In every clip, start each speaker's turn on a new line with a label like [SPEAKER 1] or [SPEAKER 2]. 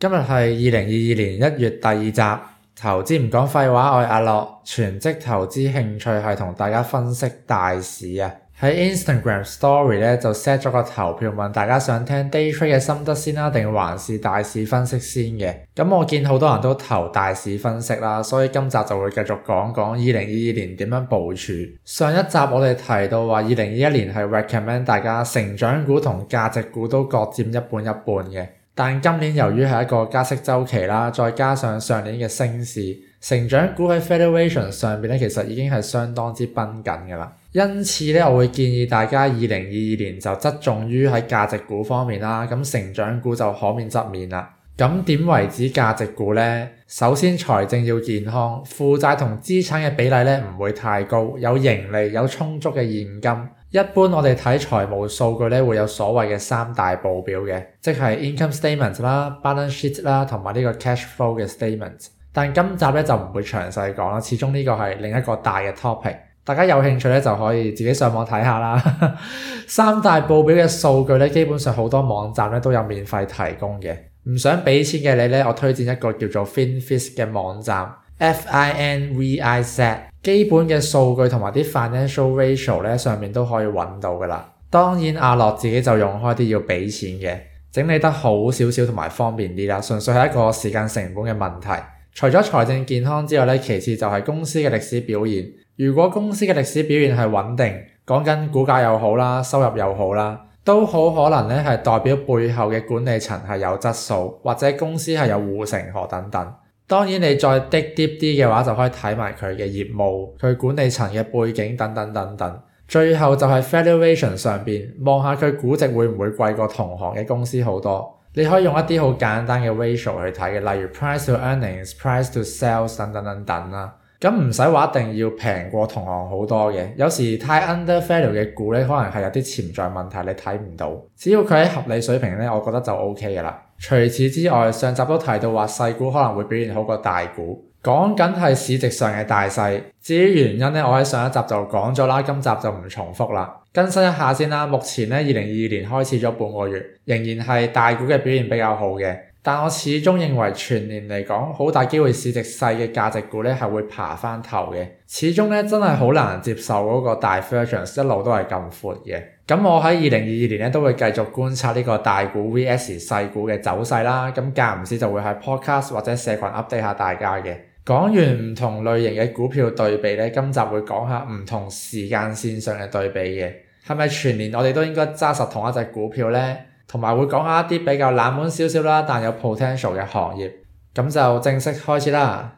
[SPEAKER 1] 今日係二零二二年一月第二集，投資唔講廢話，我係阿樂，全職投資興趣係同大家分析大市啊。喺 Instagram Story 咧就 set 咗個投票，問大家想聽 day trade 嘅心得先啦，啊，定還是大市分析先嘅？咁我見好多人都投大市分析啦，所以今集就會繼續講講二零二二年點樣部署。上一集我哋提到話，二零二一年係 recommend 大家成長股同價值股都各佔一半一半嘅。但今年由於係一個加息週期啦，再加上上年嘅升市，成長股喺 valuation 上面呢，其實已經係相當之繃緊嘅啦。因此呢，我會建議大家二零二二年就側重於喺價值股方面啦，咁成長股就可免則免啦。咁點為止價值股呢？首先財政要健康，負債同資產嘅比例呢，唔會太高，有盈利，有充足嘅現金。一般我哋睇財務數據咧，會有所謂嘅三大報表嘅，即係 income statement 啦、balance sheet 啦，同埋呢個 cash flow 嘅 statement。但今集咧就唔會詳細講啦，始終呢個係另一個大嘅 topic。大家有興趣咧就可以自己上網睇下啦。 三大報表嘅數據咧，基本上好多網站咧都有免費提供嘅。唔想俾錢嘅你咧，我推薦一個叫做 FinFish 嘅網站。FINVIZ 基本嘅數據同埋啲 financial ratio 咧，上面都可以揾到噶啦。當然，阿樂自己就用開啲要俾錢嘅，整理得好少少同埋方便啲啦，純粹係一個時間成本嘅問題。除咗財政健康之外咧，其次就係公司嘅歷史表現。如果公司嘅歷史表現係穩定，講緊股價又好啦，收入又好啦，都好可能咧係代表背後嘅管理層係有質素，或者公司係有護城河等等。當然，你再 deep 啲嘅話，就可以睇埋佢嘅業務、佢管理層嘅背景等等等等。最後就係 valuation 上邊，望下佢估值會唔會貴過同行嘅公司好多？你可以用一啲好簡單嘅 ratio 去睇嘅，例如 price to earnings、price to sales 等等等等啦。咁唔使話，一定要平過同行好多嘅。有時太 undervalue 嘅股咧，可能係有啲潛在問題，你睇唔到。只要佢喺合理水平咧，我覺得就 OK 嘅啦。除此之外，上集都提到話細股可能會表現好過大股，講緊係市值上嘅大細。至於原因咧，我喺上一集就講咗啦，今集就唔重複啦。更新一下先啦，目前咧，二零二二年開始咗半個月，仍然係大股嘅表現比較好嘅。但我始終認為全年嚟講，好大機會市值細嘅價值股呢係會爬返頭嘅。始終呢，真係好難接受嗰個 divergence 一路都係咁闊嘅。咁我喺二零二二年呢，都會繼續觀察呢個大股 VS 細股嘅走勢啦。咁間唔時就會喺 podcast 或者社群 update 下大家嘅。講完唔同類型嘅股票對比呢，今集會講下唔同時間線上嘅對比嘅。係咪全年我哋都應該揸實同一隻股票呢？同埋會講下一啲比較冷門少少啦，但有 potential 嘅行業。咁就正式開始啦。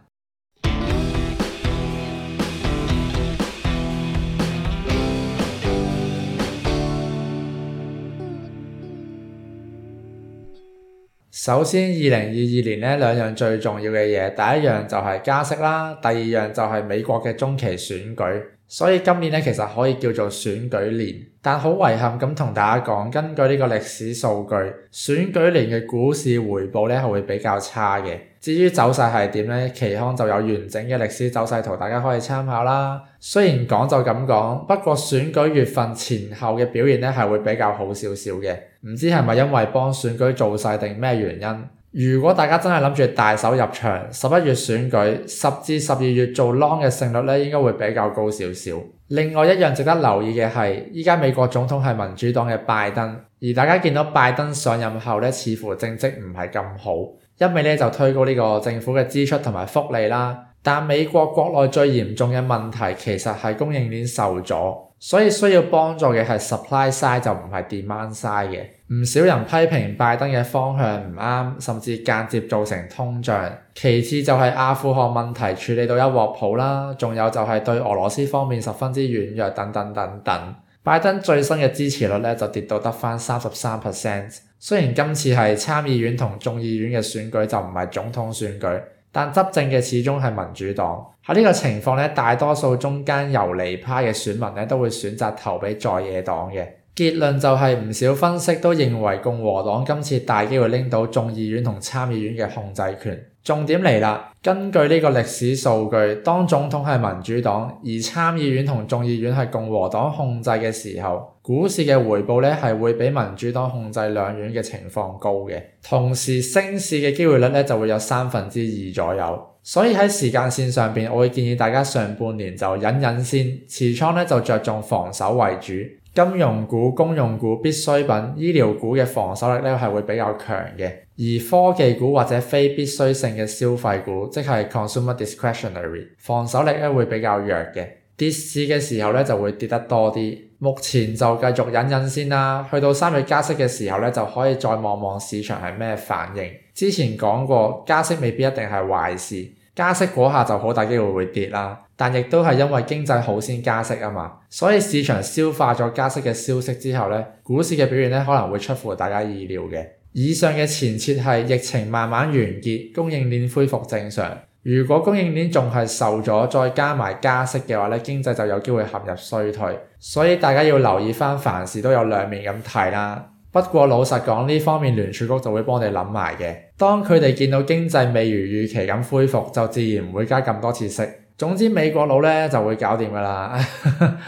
[SPEAKER 1] 首先，二零二二年呢兩樣最重要嘅嘢，第一樣就係加息啦，第二樣就係美國嘅中期選舉。所以今年咧，其實可以叫做選舉年，但好遺憾咁同大家講，根據呢個歷史數據，選舉年嘅股市回報咧係會比較差嘅。至於走勢係點咧，奇康就有完整嘅歷史走勢圖，大家可以參考啦。雖然講就咁講，不過選舉月份前後嘅表現咧係會比較好少少嘅，唔知係咪因為幫選舉做勢定咩原因？如果大家真係諗住大手入場，十一月選舉，十至十二月做 long 嘅勝率咧，應該會比較高少少。另外一樣值得留意嘅係，依家美國總統係民主黨嘅拜登，而大家見到拜登上任後咧，似乎政績唔係咁好，一味咧就推高呢個政府嘅支出同埋福利啦。但美國國內最嚴重嘅問題其實係供應鏈受阻，所以需要幫助嘅係 supply side 就唔係 demand side 嘅。唔少人批評拜登嘅方向唔啱，甚至間接造成通脹。其次就係阿富汗問題處理到一鑊泡啦，仲有就係對俄羅斯方面十分之軟弱等等等等。拜登最新嘅支持率咧就跌到得返三十三 percent。雖然今次係參議院同眾議院嘅選舉，就唔係總統選舉，但執政嘅始終係民主黨。喺呢個情況咧，大多數中間遊離派嘅選民咧都會選擇投俾在野黨嘅。結論就係唔少分析都認為共和黨今次大機會拎到眾議院同參議院嘅控制權。重點嚟啦，根據呢個歷史數據，當總統係民主黨，而參議院同眾議院係共和黨控制嘅時候，股市嘅回報呢係會比民主黨控制兩院嘅情況高嘅，同時升市嘅機會率呢就會有三分之二左右。所以喺時間線上面，我會建議大家上半年就忍忍先，持倉呢就着重防守為主。金融股、公用股、必需品、醫療股嘅防守力咧係會比較強嘅，而科技股或者非必需性嘅消費股，即係 consumer discretionary，防守力咧會比較弱嘅，跌市嘅時候咧就會跌得多啲。目前就繼續忍忍先啦，去到三月加息嘅時候咧就可以再望望市場係咩反應。之前講過加息未必一定係壞事。加息嗰下就好大機會會跌啦，但亦都係因為經濟好先加息啊嘛，所以市場消化咗加息嘅消息之後呢，股市嘅表現呢可能會出乎大家意料嘅。以上嘅前設係疫情慢慢完結，供應鏈恢復正常。如果供應鏈仲係受阻，再加埋加息嘅話呢，經濟就有機會陷入衰退。所以大家要留意返，凡事都有兩面咁睇啦。不過老實講，呢方面聯儲局就會幫你諗埋嘅。當佢哋見到經濟未如預期咁恢復，就自然唔會加咁多次息。總之美國佬咧就會搞掂噶啦。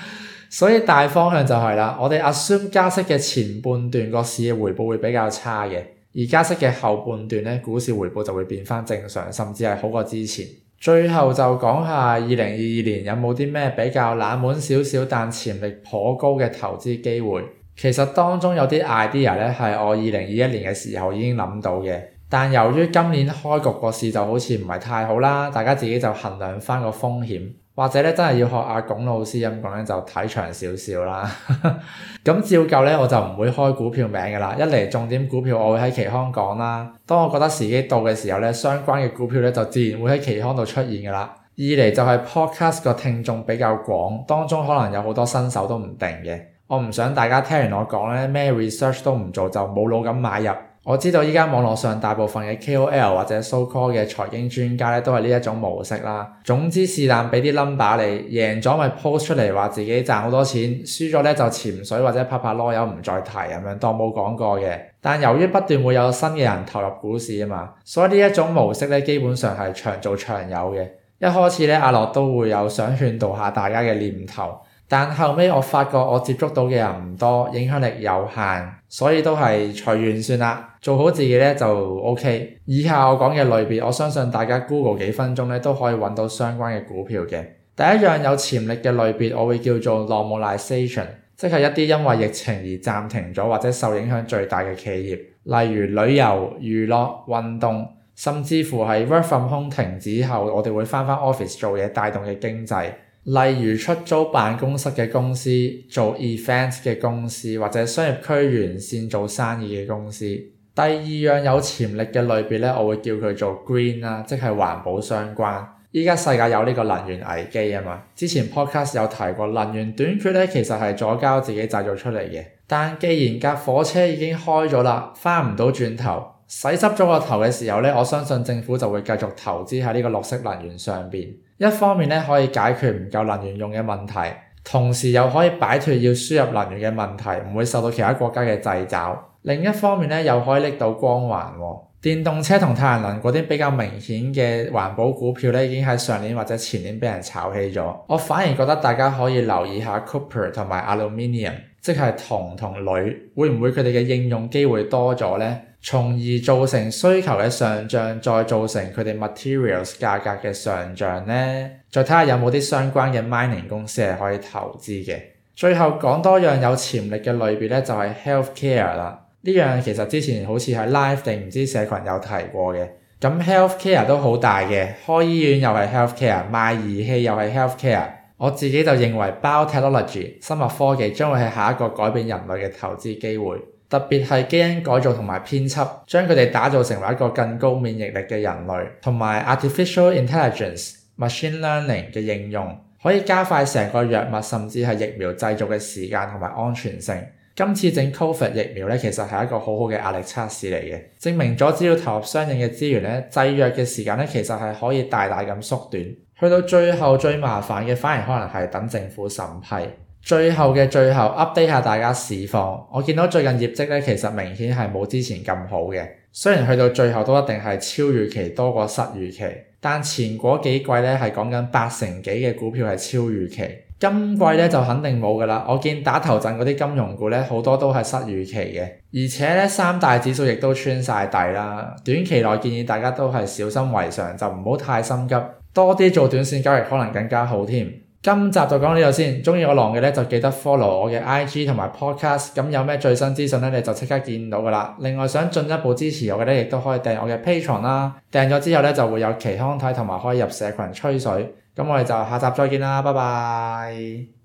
[SPEAKER 1] 所以大方向就係、是、啦，我哋 assume 加息嘅前半段個市嘅回報會比較差嘅，而加息嘅後半段咧，股市回報就會變翻正常，甚至係好過之前。最後就講下二零二二年有冇啲咩比較冷門少少但潛力頗高嘅投資機會。其實當中有啲 idea 咧係我二零二一年嘅時候已經諗到嘅，但由於今年開局個市就好似唔係太好啦，大家自己就衡量翻個風險，或者咧真係要學阿龔老師咁講咧，就睇長少少啦。咁照舊咧，我就唔會開股票名㗎喇。一嚟重點股票，我會喺期刊講啦。當我覺得時機到嘅時候咧，相關嘅股票咧就自然會喺期刊度出現㗎喇。二嚟就係 podcast 個聽眾比較廣，當中可能有好多新手都唔定嘅。我唔想大家聽完我講咧，咩 research 都唔做就冇腦咁買入。我知道依家網絡上大部分嘅 KOL 或者 so called 嘅財經專家咧，都係呢一種模式啦。總之是但俾啲 number 你，贏咗咪 post 出嚟話自己賺好多錢，輸咗咧就潛水或者拍拍囉柚唔再提咁樣，當冇講過嘅。但由於不斷會有新嘅人投入股市啊嘛，所以呢一種模式咧，基本上係長做長有嘅。一開始咧，阿樂都會有想勸導下大家嘅念頭。但後尾我發覺我接觸到嘅人唔多，影響力有限，所以都係隨緣算啦。做好自己咧就 OK。以下我講嘅類別，我相信大家 Google 幾分鐘都可以揾到相關嘅股票嘅。第一樣有潛力嘅類別，我會叫做 Normalization，即係一啲因為疫情而暫停咗或者受影響最大嘅企業，例如旅遊、娛樂、運動，甚至乎係 Work From Home 停止後，我哋會翻返 Office 做嘢，帶動嘅經濟。例如出租辦公室嘅公司、做 event 嘅公司或者商業區完善做生意嘅公司。第二樣有潛力嘅類別呢，我會叫佢做 green 啦，即係環保相關。依家世界有呢個能源危機啊嘛，之前 podcast 有提過能源短缺呢，其實係左膠自己製造出嚟嘅。但既然架火車已經開咗啦，返唔到轉頭。洗濕咗個頭嘅時候呢，我相信政府就會繼續投資喺呢個綠色能源上面。一方面呢，可以解決唔夠能源用嘅問題，同時又可以擺脱要輸入能源嘅問題，唔會受到其他國家嘅掣肘。另一方面呢，又可以拎到光環喎。電動車同太陽能嗰啲比較明顯嘅環保股票呢，已經喺上年或者前年俾人炒起咗。我反而覺得大家可以留意一下 copper 同埋 aluminium，即係銅同鋁，會唔會佢哋嘅應用機會多咗呢？從而造成需求嘅上漲，再造成佢哋 materials 價格嘅上漲呢，再睇下有冇啲相關嘅 mining 公司係可以投資嘅。最後講多樣有潛力嘅類別呢，就係 healthcare 啦。呢樣其實之前好似喺 live 定唔知社群有提過嘅。咁 healthcare 都好大嘅，開醫院又係 healthcare，賣儀器又係 healthcare。我自己就認為 biotechnology 生物科技將會係下一個改變人類嘅投資機會。特別係基因改造同埋編輯，將佢哋打造成為一個更高免疫力嘅人類，同埋 artificial intelligence、machine learning 嘅應用，可以加快成個藥物甚至係疫苗製造嘅時間同埋安全性。今次整 COVID 疫苗呢，其實係一個好好嘅壓力測試嚟嘅，證明咗只要投入相應嘅資源呢，製藥嘅時間咧，其實係可以大大咁縮短。去到最後最麻煩嘅，反而可能係等政府審批。最後嘅最後 update 下大家市況，我見到最近業績呢，其實明顯係冇之前咁好嘅。雖然去到最後都一定係超預期多過失預期，但前嗰幾季呢，係講緊八成幾嘅股票係超預期，今季呢，就肯定冇㗎啦。我見打頭陣嗰啲金融股呢，好多都係失預期嘅，而且呢，三大指數亦都穿晒底啦。短期內建議大家都係小心為上，就唔好太心急，多啲做短線交易可能更加好添。今集就講到呢度先，中意我浪嘅咧就記得 follow 我嘅 IG 同埋 podcast，咁有咩最新資訊咧你就即刻見到噶啦。另外想進一步支持我嘅咧，亦都可以訂我嘅 Patreon 啦，訂咗之後咧就會有期刊睇同埋可以入社群吹水。咁我哋就下集再見啦，拜拜。